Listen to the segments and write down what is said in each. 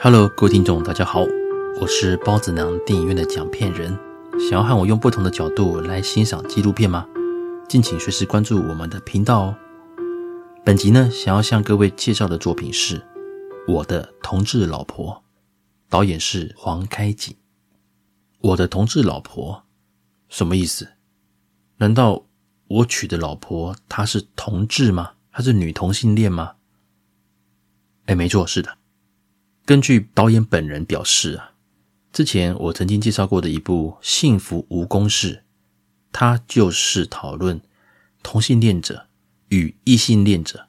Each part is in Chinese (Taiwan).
哈嘍，Hello，各位聽眾，大家好，我是孢子囊電影院的講片人。想要和我用不同的角度來欣賞紀錄片嗎？敬請隨時關注我們的頻道哦。本集呢，想要向各位介紹的作品是《我的同志老婆》，導演是黃開璟。《我的同志老婆》什麼意思？難道我娶的老婆她是同志嗎？她是女同性戀嗎？哎，沒錯，是的。根據導演本人表示啊，之前我曾經介紹過的一部《幸福無公式》，它就是討論同性戀者與異性戀者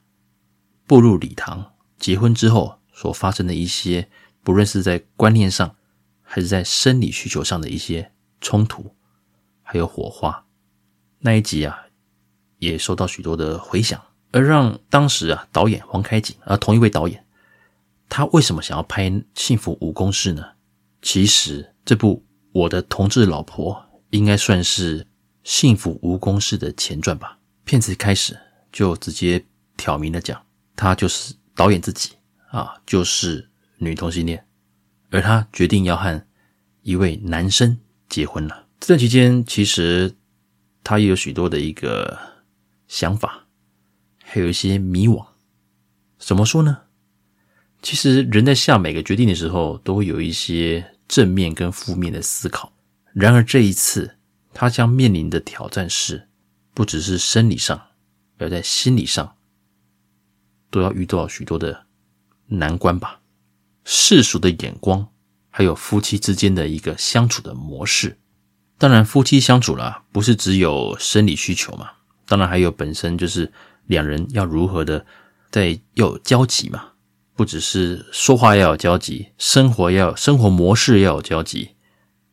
步入禮堂結婚之後所發生的一些，不論是在觀念上還是在生理需求上的一些衝突，還有火花。那一集啊，也受到許多的回響，而讓當時啊導演黃開璟啊、呃、同一位導演。他為什麼想要拍《幸福無公式》呢？其實這部《我的同志老婆》應該算是《幸福無公式》的前傳吧。片子一開始就直接挑明了講，他就是導演自己啊，就是女同性戀，而他決定要和一位男生結婚了。這段期間，其實他也有許多的一個想法，還有一些迷惘。怎麼說呢？其實人在下每個決定的時候，都會有一些正面跟負面的思考。然而這一次，他將面臨的挑戰是，不只是生理上，而在心理上，都要遇到許多的難關吧。世俗的眼光，還有夫妻之間的一個相處的模式。當然，夫妻相處了，不是只有生理需求嘛？當然還有本身就是兩人要如何的在要有交集嘛？不只是說話要有交集，生活要有，生活模式要有交集，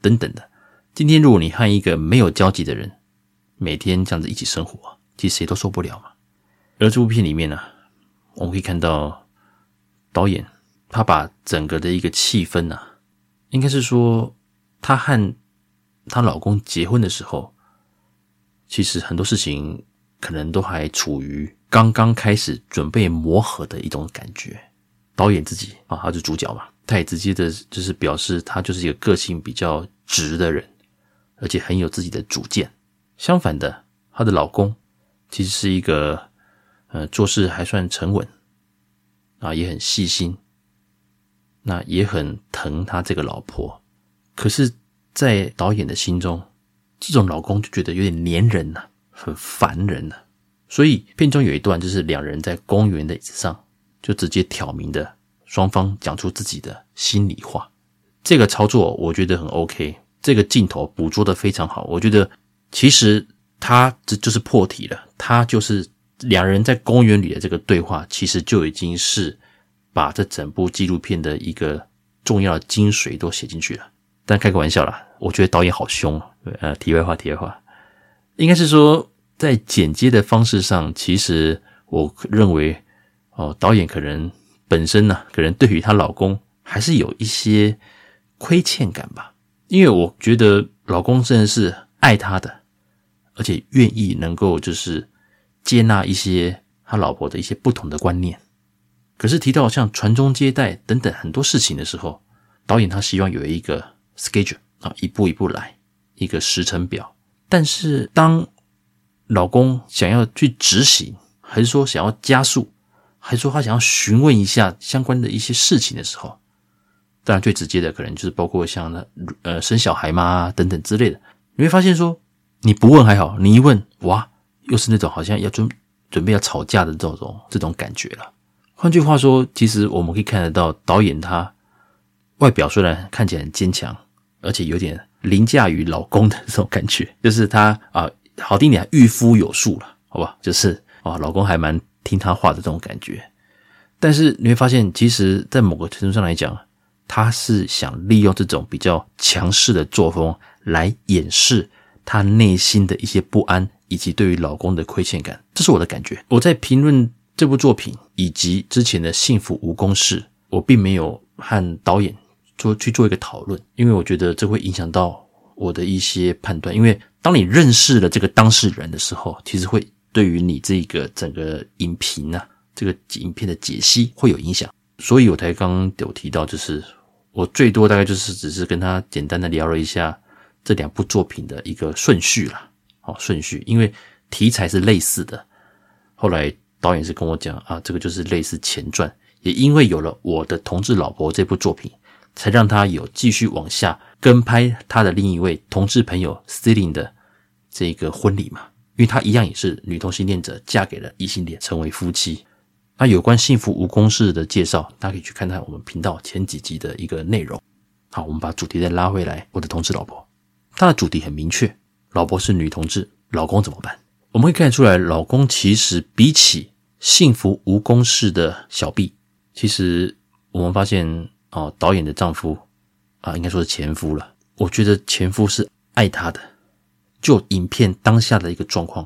等等的。今天如果你和一個沒有交集的人，每天這樣子一起生活，其實誰都受不了嘛。而這部片裡面呢，我們可以看到導演他把整個的一個氣氛啊，應該是說她和她老公結婚的時候，其實很多事情可能都還處於剛剛開始準備磨合的一種感覺。導演自己啊，他是主角嘛，他也直接的，就是表示他就是一個個性比較直的人，而且很有自己的主見。相反的，他的老公其實是一個，呃，做事還算沉穩啊，也很細心，那也很疼他這個老婆。可是，在導演的心中，這種老公就覺得有點黏人吶、啊，很煩人吶、啊。所以片中有一段就是兩人在公園的椅子上。就直接挑明的，雙方講出自己的心裡話。這個操作我覺得很 OK，這個鏡頭捕捉得非常好。我覺得其實他這就是破題了，他就是兩人在公園裡的這個對話，其實就已經是把這整部紀錄片的一個重要的精髓都寫進去了。但開個玩笑啦，我覺得導演好凶啊，呃，題外話，題外話，應該是說在剪接的方式上，其實我認為。哦，導演可能本身呢、啊，可能對於她老公還是有一些虧欠感吧，因為我覺得老公真的是愛她的，而且願意能夠就是接納一些她老婆的一些不同的觀念。可是提到像傳宗接代等等很多事情的時候，導演她希望有一個 schedule 啊，一步一步來，一個時程表。但是當老公想要去執行，還是說想要加速？還說他想要詢問一下相關的一些事情的時候，當然最直接的可能就是包括像那呃生小孩嘛等等之類的。你會發現說，你不問還好，你一問哇，又是那種好像要準準備要吵架的這種這種感覺了。換句話說，其實我們可以看得到導演他外表雖然看起來很堅強，而且有點凌駕於老公的這種感覺，就是他啊、呃、好聽點，御夫有術了，好吧？就是啊，老公還蠻。聽他話的這種感覺，但是你會發現，其實，在某個程度上來講，他是想利用這種比較強勢的作風來掩飾他內心的一些不安以及對於老公的虧欠感。這是我的感覺。我在評論這部作品以及之前的《幸福無公式》，我並沒有和導演說去做一個討論，因為我覺得這會影響到我的一些判斷。因為當你認識了這個當事人的時候，其實會。對於你這個整個影評啊，這個影片的解析會有影響。所以，我才剛剛有提到，就是我最多大概就是只是跟他簡單的聊了一下這兩部作品的一個順序啦。哦，順序，因為題材是類似的。後來導演是跟我講啊，這個就是類似前傳，也因為有了我的同志老婆這部作品，才讓他有繼續往下跟拍他的另一位同志朋友 Stirling 的這個婚禮嘛。因為她一樣也是女同性戀者，嫁給了異性戀，成為夫妻。那有關幸福無公式的介紹，大家可以去看看我們頻道前幾集的一個內容。好，我們把主題再拉回來，我的同志老婆，她的主題很明確，老婆是女同志，老公怎麼辦？我們會看出來，老公其實比起幸福無公式的小 B，其實我們發現，哦，導演的丈夫，啊，應該說是前夫了。我覺得前夫是愛她的。就影片當下的一個狀況，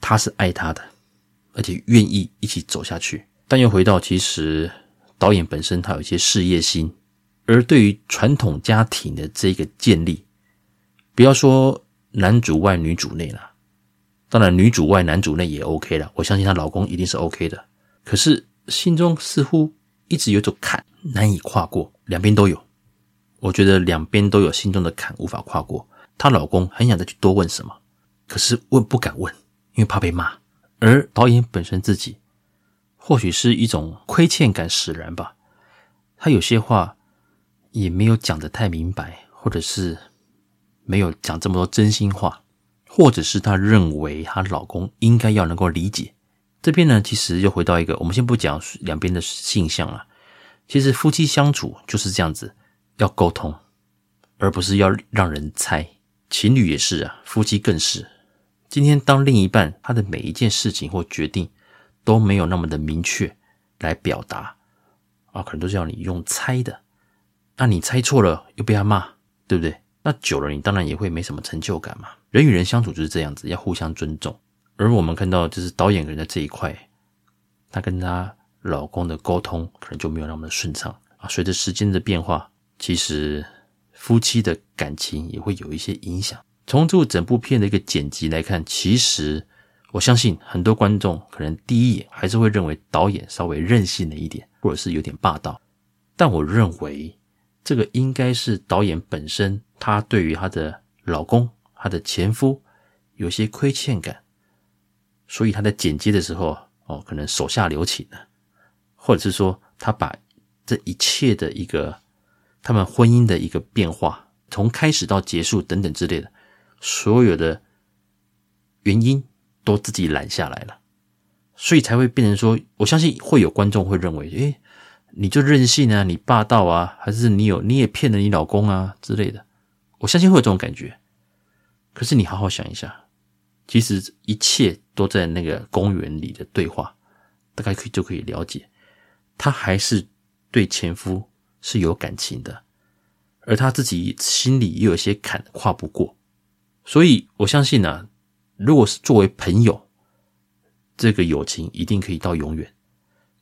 他是愛她的，而且願意一起走下去。但又回到，其實導演本身他有一些事業心，而對於傳統家庭的這個建立，不要說男主外女主內了，當然女主外男主內也 OK 了。我相信她老公一定是 OK 的，可是心中似乎一直有種坎難以跨過，兩邊都有。我覺得兩邊都有心中的坎無法跨過。她老公很想再去多問什麼，可是問不敢問，因為怕被罵。而導演本身自己，或許是一種虧欠感使然吧。他有些話也沒有講得太明白，或者是沒有講這麼多真心話，或者是他認為他老公應該要能夠理解。這邊呢，其實又回到一個，我們先不講兩邊的性向了。其實夫妻相處就是這樣子，要溝通，而不是要讓人猜。情侶也是啊，夫妻更是。今天當另一半他的每一件事情或決定都沒有那麼的明確來表達啊，可能都是要你用猜的。那你猜錯了又被他罵，對不對？那久了你當然也會沒什麼成就感嘛。人與人相處就是這樣子，要互相尊重。而我們看到就是導演個人在這一塊，他跟他老公的溝通可能就沒有那麼的順暢啊。隨着時間的變化，其實。夫妻的感情也會有一些影響。從這部整部片的一個剪輯來看，其實我相信很多觀眾可能第一眼還是會認為導演稍微任性了一點，或者是有點霸道。但我認為這個應該是導演本身，他對於他的老公、他的前夫有些虧欠感，所以他在剪輯的時候，哦，可能手下留情了，或者是說他把這一切的一個。他們婚姻的一個變化，從開始到結束等等之類的，所有的原因都自己攬下來了，所以才會變成說，我相信會有觀眾會認為，誒，你就任性啊，你霸道啊，還是你有你也騙了你老公啊之類的，我相信會有這種感覺。可是你好好想一下，其實一切都在那個公園裡的對話，大概可以就可以了解，他還是對前夫。是有感情的，而他自己心裡又有些坎跨不過，所以我相信呢、啊，如果是作為朋友，這個友情一定可以到永遠。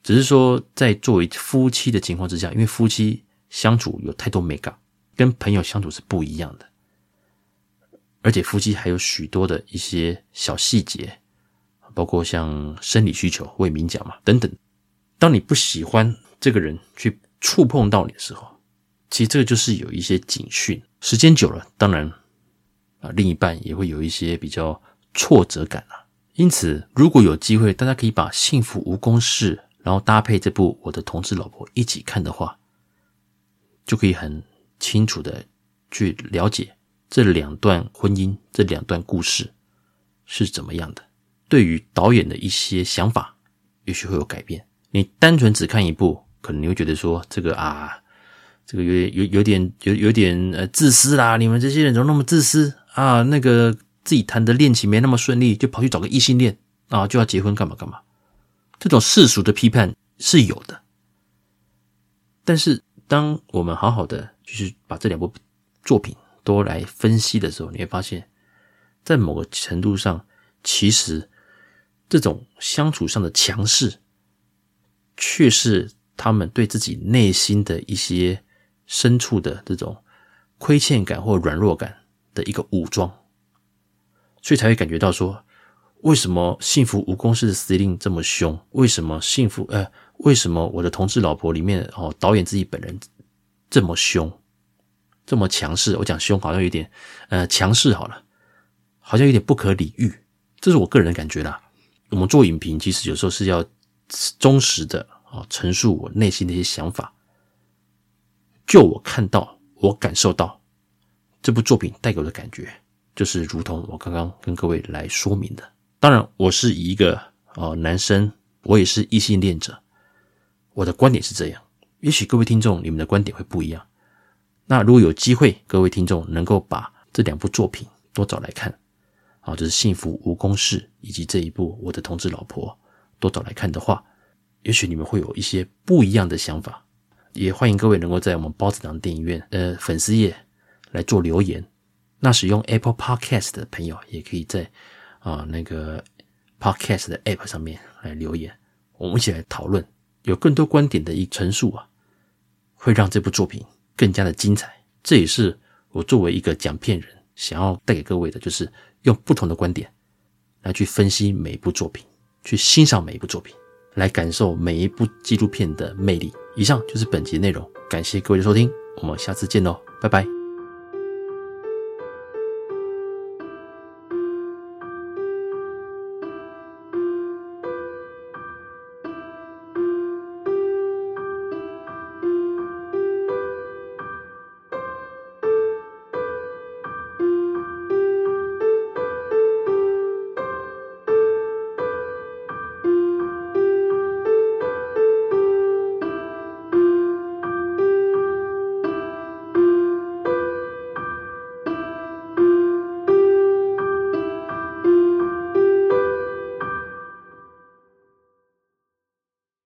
只是說，在作為夫妻的情況之下，因為夫妻相處有太多美感，跟朋友相處是不一樣的，而且夫妻還有許多的一些小細節，包括像生理需求、未明講嘛等等。當你不喜歡這個人去。觸碰到你的時候，其實這個就是有一些警訊。時間久了，當然啊，另一半也會有一些比較挫折感啊。因此，如果有機會，大家可以把《幸福無公式》，然後搭配這部《我的同志老婆》一起看的話，就可以很清楚的去了解這兩段婚姻、這兩段故事是怎麼樣的。對於導演的一些想法，也許會有改變。你單純只看一部，可能你會覺得說這個啊，這個有有有點有有點呃自私啦，你們這些人怎麼那麼自私啊？那個自己談的戀情沒那麼順利，就跑去找個異性戀啊，就要結婚幹嘛幹嘛？這種世俗的批判是有的，但是當我們好好的就是把這兩部作品都來分析的時候，你會發現在某個程度上，其實這種相處上的強勢，卻是。他們對自己內心的一些深處的這種虧欠感或軟弱感的一個武裝，所以才會感覺到說：為什麼《幸福無公式》的司令這麼兇？為什麼《幸福》呃，為什麼我的同志老婆裡面哦，導演自己本人這麼兇，這麼強勢？我講兇好像有點呃強勢，好了，好像有點不可理喻。這是我個人的感覺啦。我們做影評，其實有時候是要忠實的。啊，陳述我內心的一些想法。就我看到，我感受到這部作品帶給我的感覺，就是如同我剛剛跟各位來說明的。當然，我是以一個呃男生，我也是異性戀者，我的觀點是這樣。也許各位聽眾，你們的觀點會不一樣。那如果有機會，各位聽眾能夠把這兩部作品都找來看，啊，就是《幸福無公式》以及這一部《我的同志老婆》都找來看的話。也許你們會有一些不一樣的想法，也歡迎各位能夠在我們孢子囊電影院呃粉絲頁來做留言。那使用 Apple Podcast 的朋友也可以在啊那個 Podcast 的 App 上面來留言，我們一起來討論，有更多觀點的一陳述啊，會讓這部作品更加的精彩。這也是我作為一個講片人，想要帶給各位的，就是用不同的觀點來去分析每一部作品，去欣賞每一部作品。來感受每一部紀錄片的魅力。以上就是本集內容，感謝各位的收聽，我們下次見嘍，拜拜。